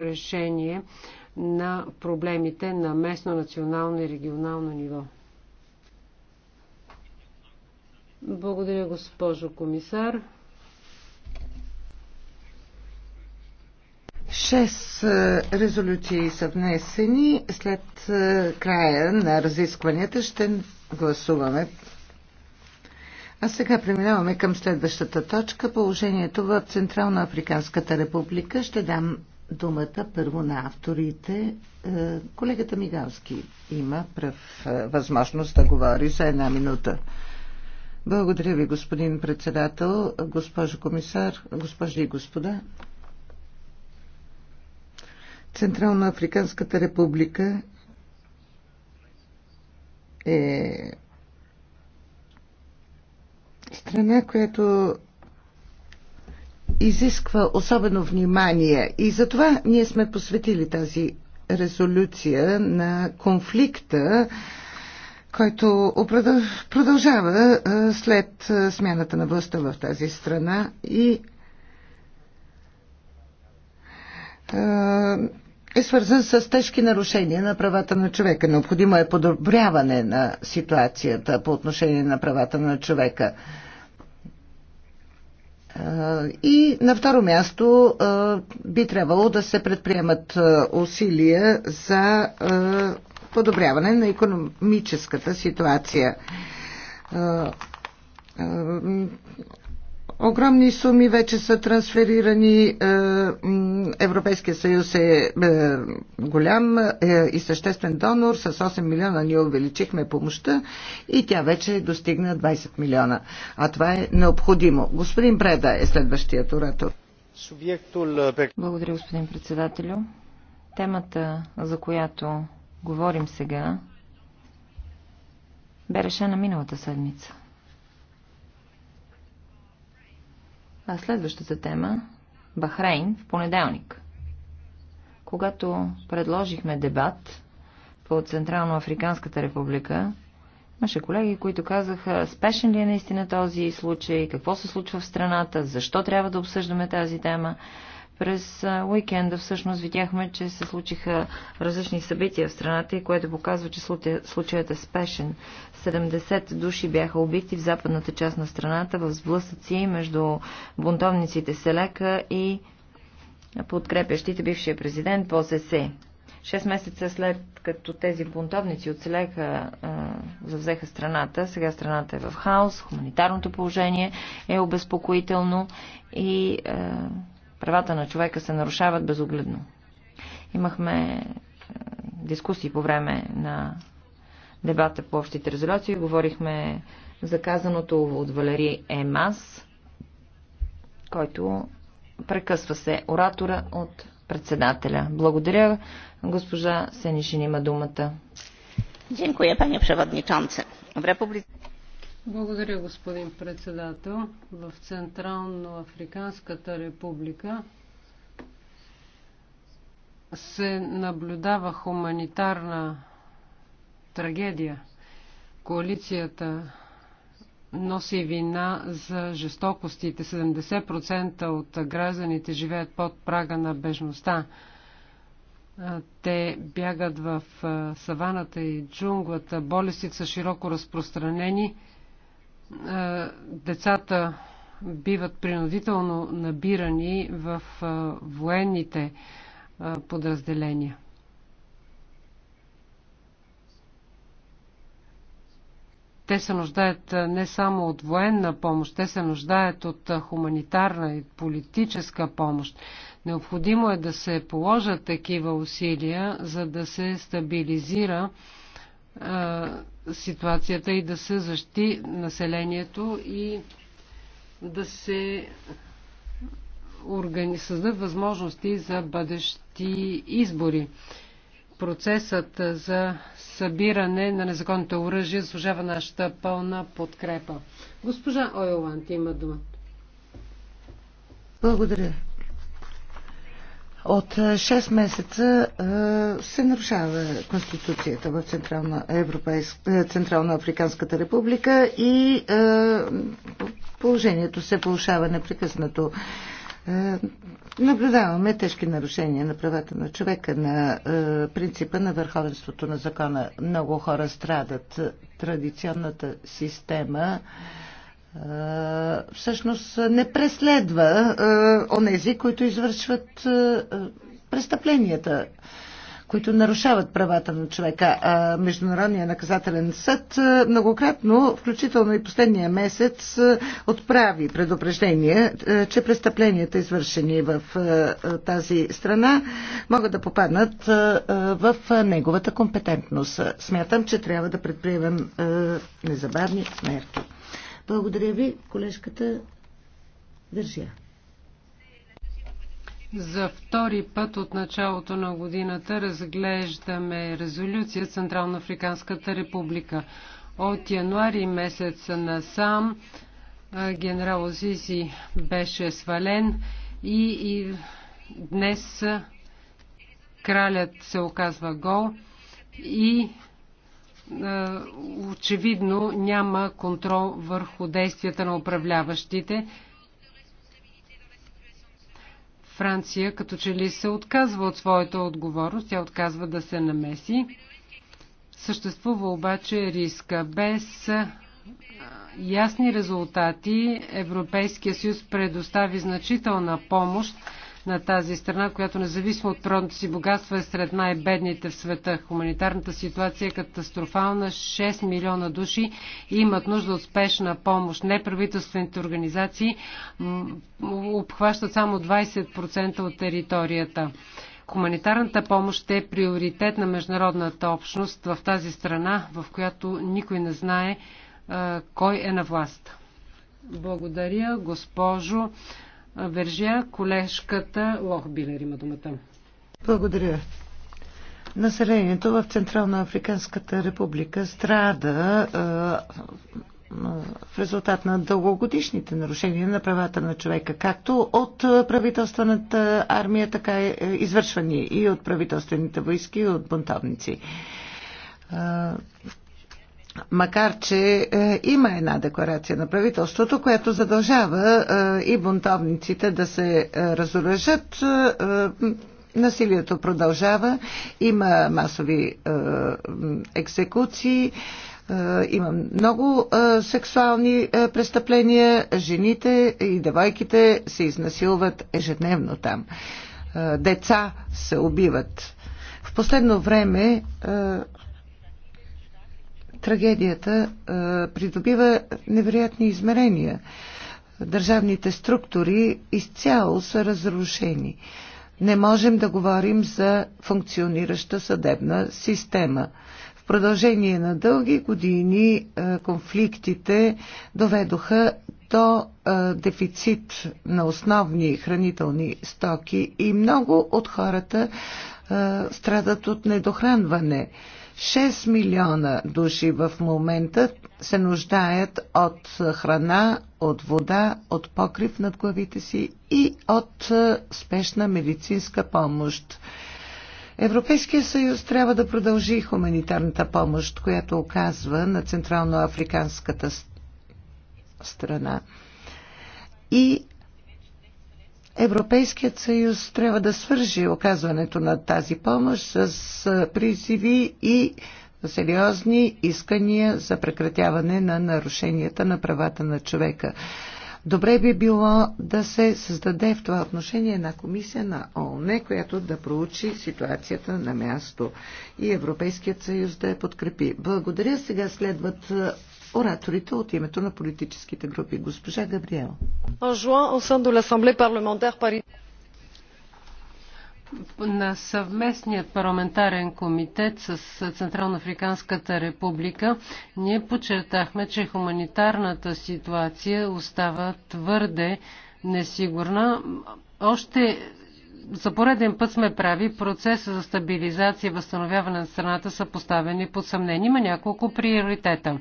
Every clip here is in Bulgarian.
решение на проблемите на местно, национално и регионално ниво. Благодаря, госпожо комисар. Шест е, резолюции са внесени. След е, края на разискванията ще гласуваме. А сега преминаваме към следващата точка. Положението в Централно Африканската република. Ще дам думата първо на авторите. Е, колегата Мигалски има прав е, възможност да говори за една минута. Благодаря ви, господин председател, госпожо комисар, госпожи и господа. Централно Африканската република е страна, която изисква особено внимание и затова ние сме посветили тази резолюция на конфликта, който продължава след смяната на властта в тази страна и е свързан с тежки нарушения на правата на човека. Необходимо е подобряване на ситуацията по отношение на правата на човека. И на второ място би трябвало да се предприемат усилия за подобряване на економическата ситуация огромни суми вече са трансферирани. Е, Европейския съюз е, е голям е, и съществен донор. С 8 милиона ние увеличихме помощта и тя вече достигна 20 милиона. А това е необходимо. Господин Преда е следващият оратор. Благодаря, господин председателю. Темата, за която говорим сега, бе решена миналата седмица. А следващата тема – Бахрейн в понеделник. Когато предложихме дебат по Централно-Африканската република, имаше колеги, които казаха спешен ли е наистина този случай, какво се случва в страната, защо трябва да обсъждаме тази тема. През уикенда всъщност видяхме, че се случиха различни събития в страната и което показва, че случаят е спешен. 70 души бяха убити в западната част на страната в сблъсъци между бунтовниците Селека и подкрепящите бившия президент по ССЕ. Шест месеца след като тези бунтовници оцелеха, завзеха страната, сега страната е в хаос, хуманитарното положение е обезпокоително и Правата на човека се нарушават безогледно. Имахме е, дискусии по време на дебата по общите резолюции. Говорихме за казаното от Валери Емас, който прекъсва се оратора от председателя. Благодаря. Госпожа Сенишин има думата. Дякую, panie przewodniczący. В Republice... Благодаря, господин председател. В Централно Африканската република се наблюдава хуманитарна трагедия. Коалицията носи вина за жестокостите. 70% от гражданите живеят под прага на бежността. Те бягат в саваната и джунглата. Болестите са широко разпространени е, децата биват принудително набирани в е, военните е, подразделения. Те се нуждаят не само от военна помощ, те се нуждаят от хуманитарна и политическа помощ. Необходимо е да се положат такива усилия, за да се стабилизира ситуацията и да се защити населението и да се органи... създадат възможности за бъдещи избори. Процесът за събиране на незаконните оръжия служава нашата пълна подкрепа. Госпожа Ойланд има думата. Благодаря. От 6 е, месеца е, се нарушава конституцията в Централна, Европейска, е, Централна Африканската република и положението се получава непрекъснато. Наблюдаваме тежки нарушения на правата на човека, на принципа на върховенството на закона. Много хора страдат. Традиционната система е, всъщност не преследва е, онези, които извършват е, престъпленията, които нарушават правата на човека. А Международния наказателен съд многократно, включително и последния месец, отправи предупреждение, че престъпленията, извършени в тази страна, могат да попаднат в неговата компетентност. Смятам, че трябва да предприемем незабавни мерки. Благодаря ви, колежката Държия. За втори път от началото на годината разглеждаме резолюция Централно-Африканската република. От януари месец насам генерал Осиси беше свален и, и днес кралят се оказва гол и е, очевидно няма контрол върху действията на управляващите. Франция като че ли се отказва от своята отговорност, тя отказва да се намеси. Съществува обаче риска. Без е, ясни резултати Европейския съюз предостави значителна помощ на тази страна, която независимо от природното си богатство е сред най-бедните в света. Хуманитарната ситуация е катастрофална. 6 милиона души имат нужда от спешна помощ. Неправителствените организации обхващат само 20% от територията. Хуманитарната помощ е приоритет на международната общност в тази страна, в която никой не знае кой е на власт. Благодаря, госпожо Вержия, колежката Лохбилер има думата. Благодаря. Населението в Централна Африканската република страда в резултат на дългогодишните нарушения на правата на човека, както от правителствената армия, така и е, извършвани и от правителствените войски, и от бунтовници. Макар, че е, има една декларация на правителството, която задължава е, и бунтовниците да се е, разоръжат. Е, е, насилието продължава, има масови е, екзекуции, е, има много е, сексуални е, престъпления. Жените и девойките се изнасилват ежедневно там. Е, деца се убиват. В последно време. Е, трагедията е, придобива невероятни измерения. Държавните структури изцяло са разрушени. Не можем да говорим за функционираща съдебна система. В продължение на дълги години е, конфликтите доведоха до а, е, дефицит на основни хранителни стоки и много от хората а, страдат от недохранване. 6 милиона души в момента се нуждаят от храна, от вода, от покрив над главите си и от е, спешна медицинска помощ. Европейския съюз трябва да продължи хуманитарната помощ, която оказва на Централноафриканската страна и Европейският съюз трябва да свържи оказването на тази помощ с призиви и сериозни искания за прекратяване на нарушенията на правата на човека. Добре би било да се създаде в това отношение една комисия на ООН, която да проучи ситуацията на място и Европейският съюз да я подкрепи. Благодаря. Сега следват ораторите от името на политическите групи. Госпожа Габриел. На съвместният парламентарен комитет с Централно-Африканската република ние подчертахме, че хуманитарната ситуация остава твърде несигурна. Още за пореден път сме прави, процеса за стабилизация и възстановяване на страната са поставени под съмнение. Има няколко приоритета.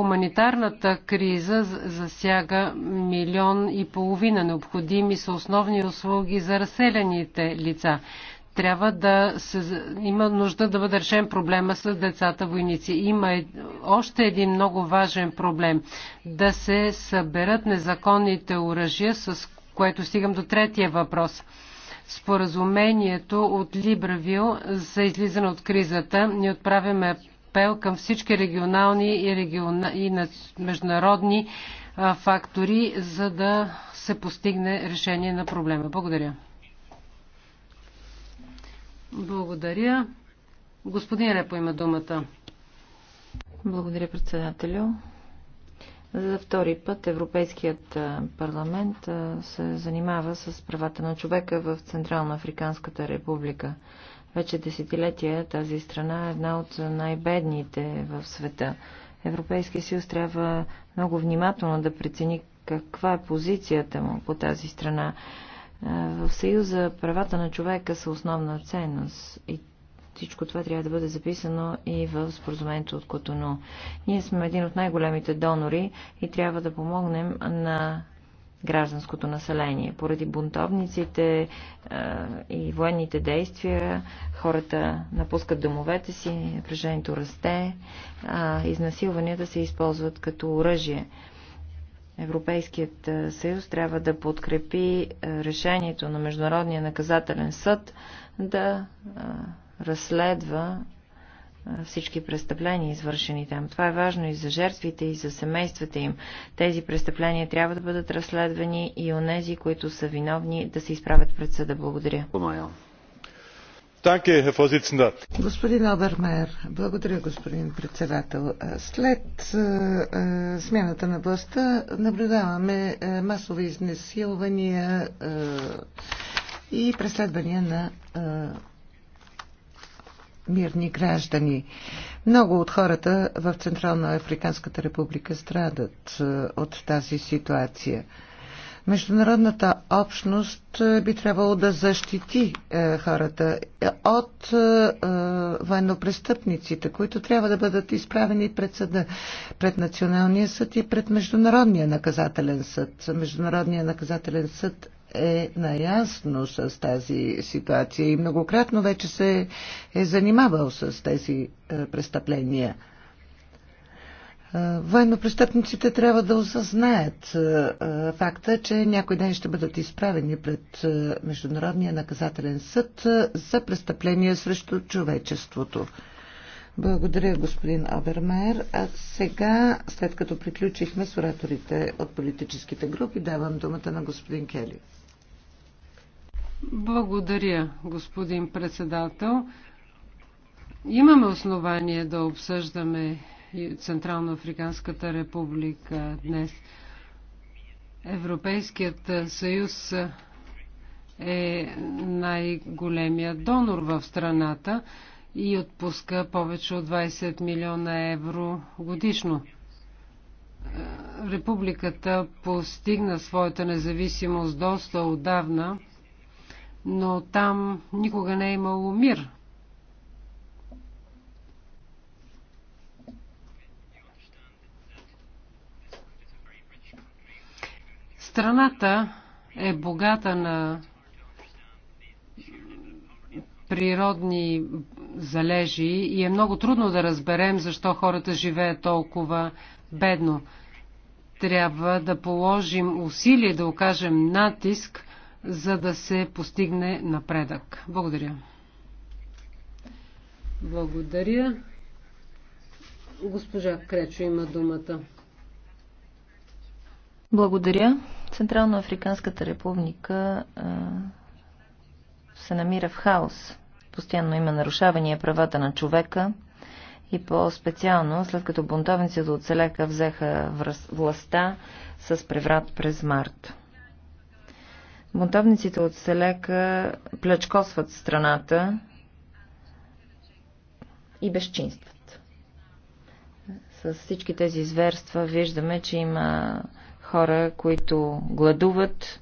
Хуманитарната криза засяга милион и половина. Необходими са основни услуги за разселените лица. Трябва да се, има нужда да бъде решен проблема с децата войници. Има е, още един много важен проблем. Да се съберат незаконните оръжия, с което стигам до третия въпрос споразумението от Либравил за излизане от кризата. ни отправяме апел към всички регионални и, региона... и международни фактори, за да се постигне решение на проблема. Благодаря. Благодаря. Господин Репо има думата. Благодаря, председателю. За втори път Европейският парламент се занимава с правата на човека в Централна Африканската република. Вече десетилетия тази страна е една от най-бедните в света. Европейския съюз трябва много внимателно да прецени каква е позицията му по тази страна. В Съюза правата на човека са основна ценност и всичко това трябва да бъде записано и в споразумението от Котоно. Ние сме един от най-големите донори и трябва да помогнем на гражданското население. Поради бунтовниците е, и военните действия хората напускат домовете си, напрежението расте, а е, изнасилванията се използват като оръжие. Европейският е, съюз трябва да подкрепи решението на Международния наказателен съд да разследва всички престъпления, извършени там. Това е важно и за жертвите, и за семействата им. Тези престъпления трябва да бъдат разследвани и онези, които са виновни, да се изправят пред съда. Благодаря. Господин Обермайер, благодаря, господин председател. След смяната на властта наблюдаваме масови изнасилвания и преследвания на мирни граждани. Много от хората в Централна Африканската република страдат е, от тази ситуация. Международната общност е, би трябвало да защити е, хората от военнопрестъпниците, които трябва да бъдат изправени пред съда, пред Националния съд и пред Международния наказателен съд. Международния наказателен съд е наясно с тази ситуация и многократно вече се е занимавал с тези е, престъпления. Е, военнопрестъпниците трябва да осъзнаят е, факта, че някой ден ще бъдат изправени пред Международния наказателен съд за престъпления срещу човечеството. Благодаря, господин Обермайер. А сега, след като приключихме с ораторите от политическите групи, давам думата на господин Кели. Благодаря, господин председател. Имаме основание да обсъждаме Централноафриканската република днес. Европейският съюз е най-големият донор в страната и отпуска повече от 20 милиона евро годишно. Републиката постигна своята независимост доста отдавна но там никога не е имало мир. Страната е богата на природни залежи и е много трудно да разберем защо хората живеят толкова бедно. Трябва да положим усилие да окажем натиск за да се постигне напредък. Благодаря. Благодаря. Госпожа Кречо има думата. Благодаря. Централноафриканската република а, се намира в хаос. Постоянно има нарушавания правата на човека и по-специално, след като бунтовниците от Селека взеха властта с преврат през март. Бунтовниците от Селека плячкосват страната и безчинстват. С всички тези зверства виждаме, че има хора, които гладуват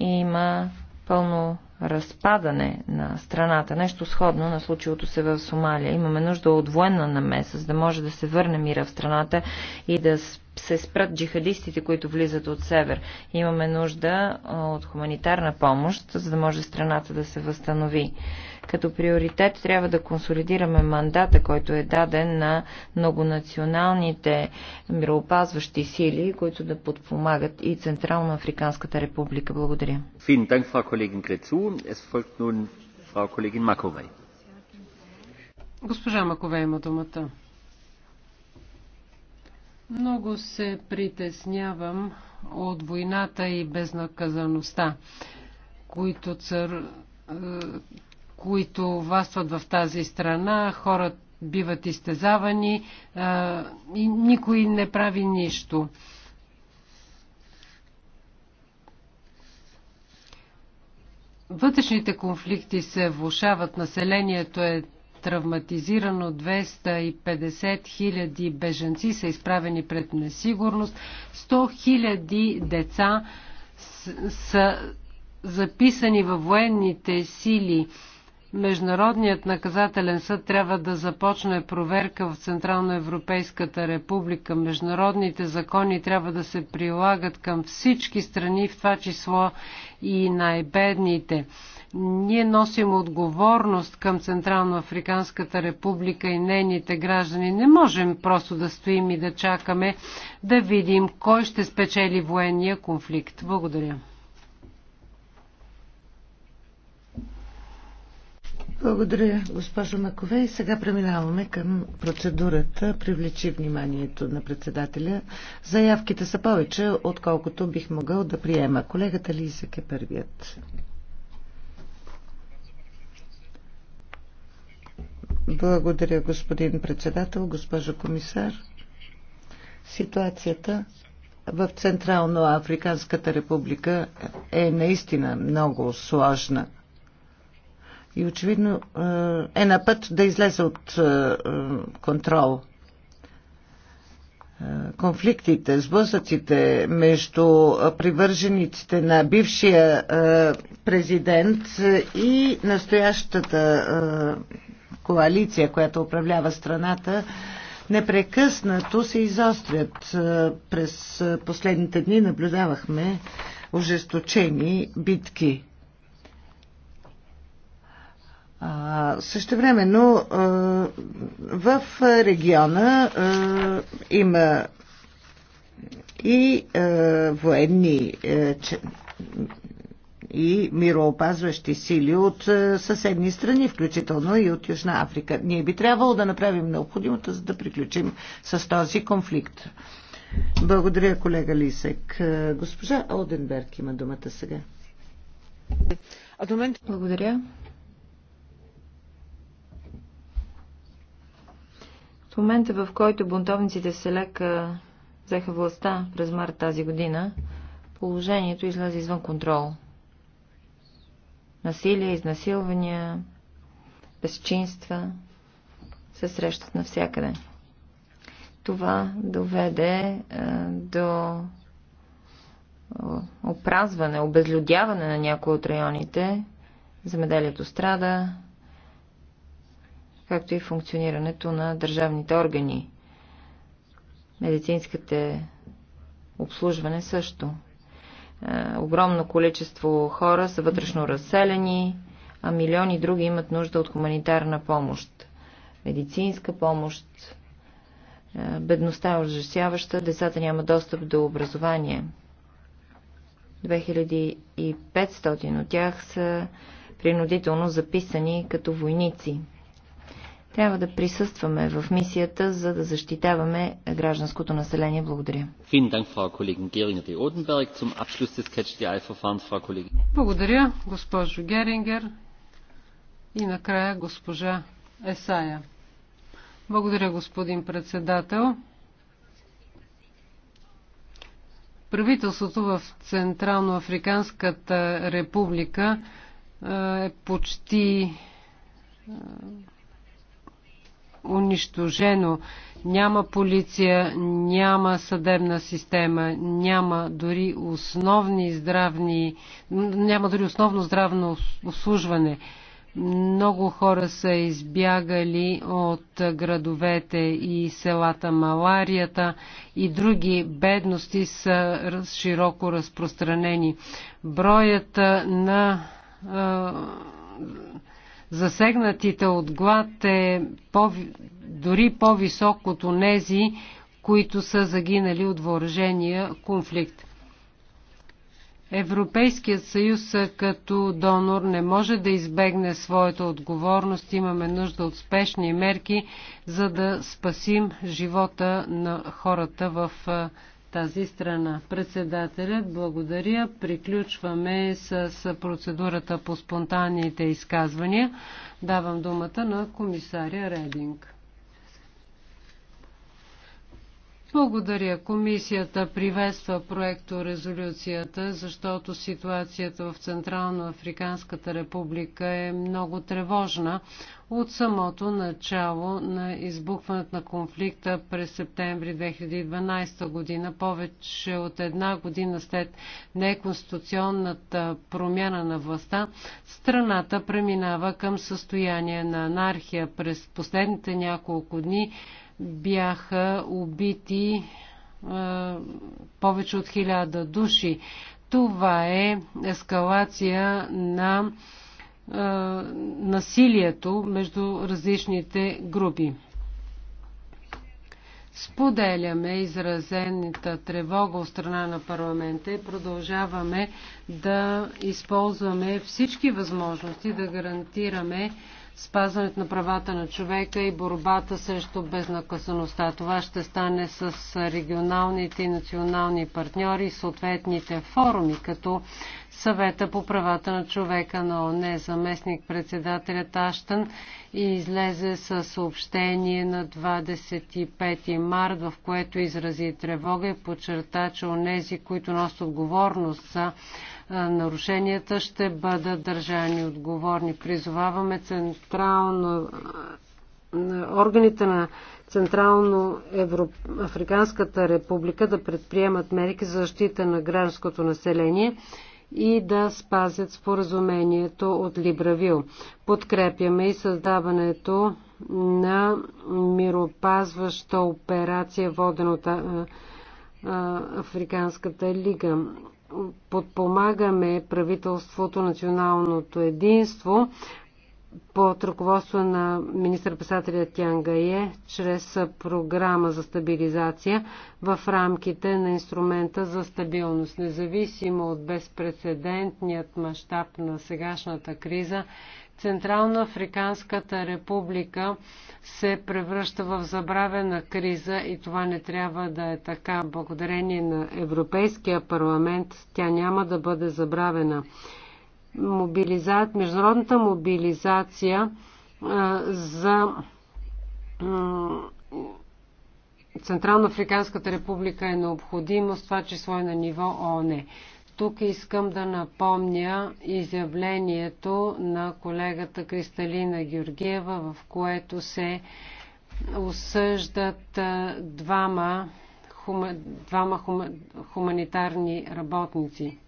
и има пълно разпадане на страната. Нещо сходно на случилото се в Сомалия. Имаме нужда от военна намеса, за да може да се върне мира в страната и да спи се спрат джихадистите, които влизат от север. Имаме нужда от хуманитарна помощ, за да може страната да се възстанови. Като приоритет трябва да консолидираме мандата, който е даден на многонационалните мироопазващи сили, които да подпомагат и Централно Африканската република. Благодаря. Госпожа Макове има думата. Много се притеснявам от войната и безнаказаността, които, цър... Е, които властват в тази страна. Хората биват изтезавани е, и никой не прави нищо. Вътрешните конфликти се влушават, населението е травматизирано 250 хиляди беженци са изправени пред несигурност. 100 хиляди деца са записани във военните сили. Международният наказателен съд трябва да започне проверка в Централноевропейската република. Международните закони трябва да се прилагат към всички страни, в това число и най-бедните. Ние носим отговорност към Централно-Африканската република и нейните граждани. Не можем просто да стоим и да чакаме да видим кой ще спечели военния конфликт. Благодаря. Благодаря, госпожо Макове. И сега преминаваме към процедурата. Привлечи вниманието на председателя. Заявките са повече, отколкото бих могъл да приема. Колегата Лисък е първият. Благодаря, господин председател, госпожо комисар. Ситуацията в Централно Африканската република е наистина много сложна и очевидно е, е на път да излезе от е, е, контрол. Конфликтите, сблъсъците между привържениците на бившия президент и настоящата коалиция, която управлява страната, непрекъснато се изострят. Е, през е, последните дни наблюдавахме ожесточени битки. Също време, но е, в региона има и военни и мироопазващи сили от е, съседни страни, включително и от Южна Африка. Ние би трябвало да направим необходимото, за да приключим с този конфликт. Благодаря, колега Лисек. Е, госпожа Олденберг има думата сега. Благодаря. В момента, в който бунтовниците в Селека взеха властта през март тази година, положението излезе извън контрол насилие, изнасилвания, безчинства се срещат навсякъде. Това доведе е, до опразване, обезлюдяване на някои от районите, земеделието страда, както и функционирането на държавните органи. Медицинските обслужване също. Е, огромно количество хора са вътрешно разселени, а милиони други имат нужда от хуманитарна помощ, медицинска помощ. Е, бедността е ужасяваща, децата няма достъп до образование. 2500 от тях са принудително записани като войници. Трябва да присъстваме в мисията, за да защитаваме гражданското население. Благодаря. Благодаря, госпожо Герингер. И накрая госпожа Есая. Благодаря, господин председател. Правителството в Централноафриканската република е, е почти е, унищожено. Няма полиция, няма съдебна система, няма дори основни здравни, няма дори основно здравно обслужване. Много хора са избягали от градовете и селата. Маларията и други бедности са широко разпространени. Броята на засегнатите от глад е по, дори по-висок от онези, които са загинали от въоръжения конфликт. Европейският съюз като донор не може да избегне своята отговорност. Имаме нужда от спешни мерки, за да спасим живота на хората в тази страна. Председателят, благодаря. Приключваме с процедурата по спонтанните изказвания. Давам думата на комисаря Рединг. Благодаря. Комисията приветства проекто резолюцията, защото ситуацията в Централно Африканската република е много тревожна от самото начало на избухването на конфликта през септември 2012 година, повече от една година след неконституционната промяна на властта, страната преминава към състояние на анархия. През последните няколко дни бяха убити е, повече от хиляда души. Това е ескалация на е, насилието между различните групи. Споделяме изразената тревога от страна на парламента и продължаваме да използваме всички възможности да гарантираме спазването на правата на човека и борбата срещу безнаказаността. Това ще стане с регионалните и национални партньори и съответните форуми, като съвета по правата на човека на ОНЕ, заместник председателят Аштън и излезе с съобщение на 25 март, в което изрази тревога и подчерта, че онези, които носят отговорност за нарушенията ще бъдат държани отговорни. Призоваваме централно органите на Централно Африканската република да предприемат мерки за защита на гражданското население и да спазят споразумението от Либравил. Подкрепяме и създаването на миропазваща операция, водена от Африканската лига подпомагаме правителството, националното единство под ръководство на министър писателя Тянгае чрез програма за стабилизация в рамките на инструмента за стабилност. Независимо от безпредседентният мащаб на сегашната криза, Централноафриканската Африканската република се превръща в забравена криза и това не трябва да е така. Благодарение на Европейския парламент тя няма да бъде забравена. Мобилиза... Международната мобилизация а, за Централноафриканската Африканската република е необходимост с това число е на ниво ООН. Тук искам да напомня изявлението на колегата Кристалина Георгиева, в което се осъждат двама, хума, двама хума, хуманитарни работници,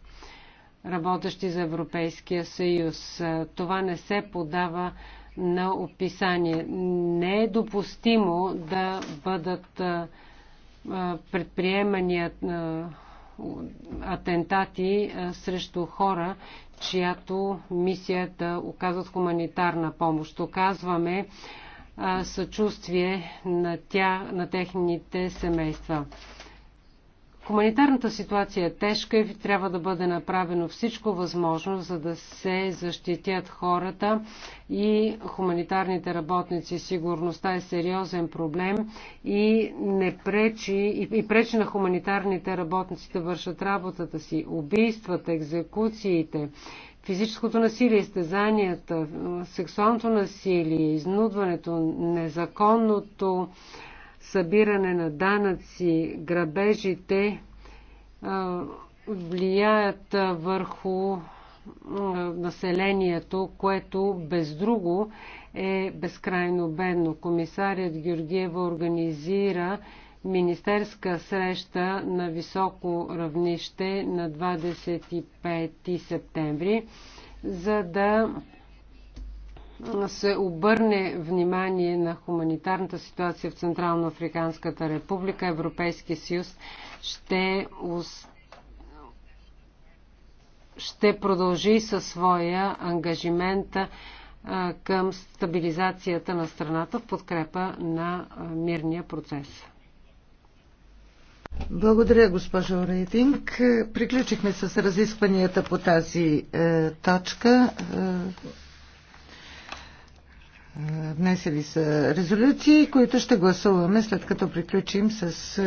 работещи за Европейския съюз. Това не се подава на описание. Не е допустимо да бъдат предприемания атентати срещу хора, чиято мисия е да оказват хуманитарна помощ. Оказваме съчувствие на, тя, на техните семейства. Хуманитарната ситуация е тежка и трябва да бъде направено всичко възможно, за да се защитят хората и хуманитарните работници. Сигурността е сериозен проблем и, не пречи, и, пречи на хуманитарните работници да вършат работата си. Убийствата, екзекуциите, физическото насилие, изтезанията, сексуалното насилие, изнудването, незаконното събиране на данъци, грабежите влияят върху населението, което без друго е безкрайно бедно. Комисарият Георгиева организира министерска среща на високо равнище на 25 септември, за да се обърне внимание на хуманитарната ситуация в Централно Африканската република, Европейския съюз ще, ще продължи със своя ангажимент към стабилизацията на страната в подкрепа на мирния процес. Благодаря, госпожо Рейтинг. Приключихме с разискванията по тази е, точка. Е... Внесели са резолюции, които ще гласуваме след като приключим с